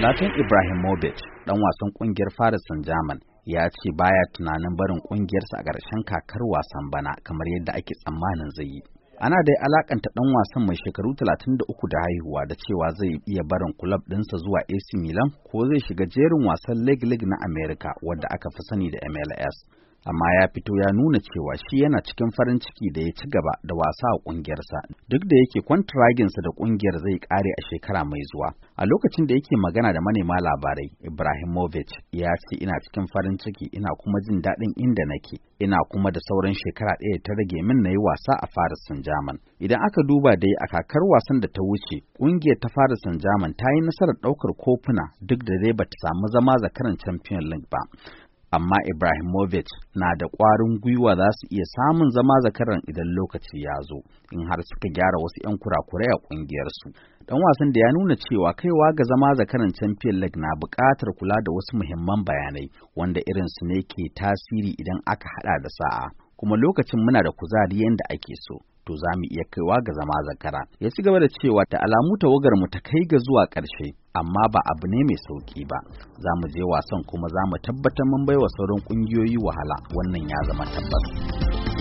Ibrahim Ibrahimovic dan wasan kungiyar Paris Saint-Germain ya ce baya tunanin barin kungiyarsa a ƙarshen kakar wasan bana kamar yadda ake tsammanin zai yi. Ana dai alakanta dan wasan mai shekaru 33 da haihuwa da cewa zai iya barin kulab ɗinsa zuwa AC Milan ko zai shiga jerin wasan League League na America wadda aka fi sani da MLS. amma ya fito ya nuna cewa shi yana cikin farin ciki da ya ci gaba da wasa a ƙungiyarsa duk da yake kwantiraginsa da ƙungiyar zai kare a shekara mai zuwa a lokacin da yake magana da manema labarai ibrahimovic ya ce ina cikin farin ciki ina kuma jin daɗin inda nake ina kuma da sauran shekara ɗaya ta rage min na yi wasa a faris saint idan aka duba dai a kakar wasan da ta wuce ƙungiyar ta faris saint ta yi nasarar ɗaukar kofuna duk da dai bata samu zama zakaran champion league ba amma Ibrahimovic na da ƙwarin gwiwa za su iya samun zama zakaran idan lokaci ya zo in har suka gyara wasu 'yan kurakurai a ƙungiyarsu. Dan wasan da ya nuna cewa kaiwa ga zama zakaran Champion League na buƙatar kula da wasu muhimman bayanai wanda irin su ne ke tasiri idan aka haɗa da sa'a. Kuma lokacin muna da kuzari yadda ake so. to za mu iya kaiwa ga zama zakara. Ya ci gaba da cewa ta alamu tawagar mu ta kai ga zuwa ƙarshe, amma ba abu ne mai sauƙi ba. Za mu je wasan kuma za mu tabbatar mun baiwa sauran ƙungiyoyi wahala, wannan ya zama tabbas.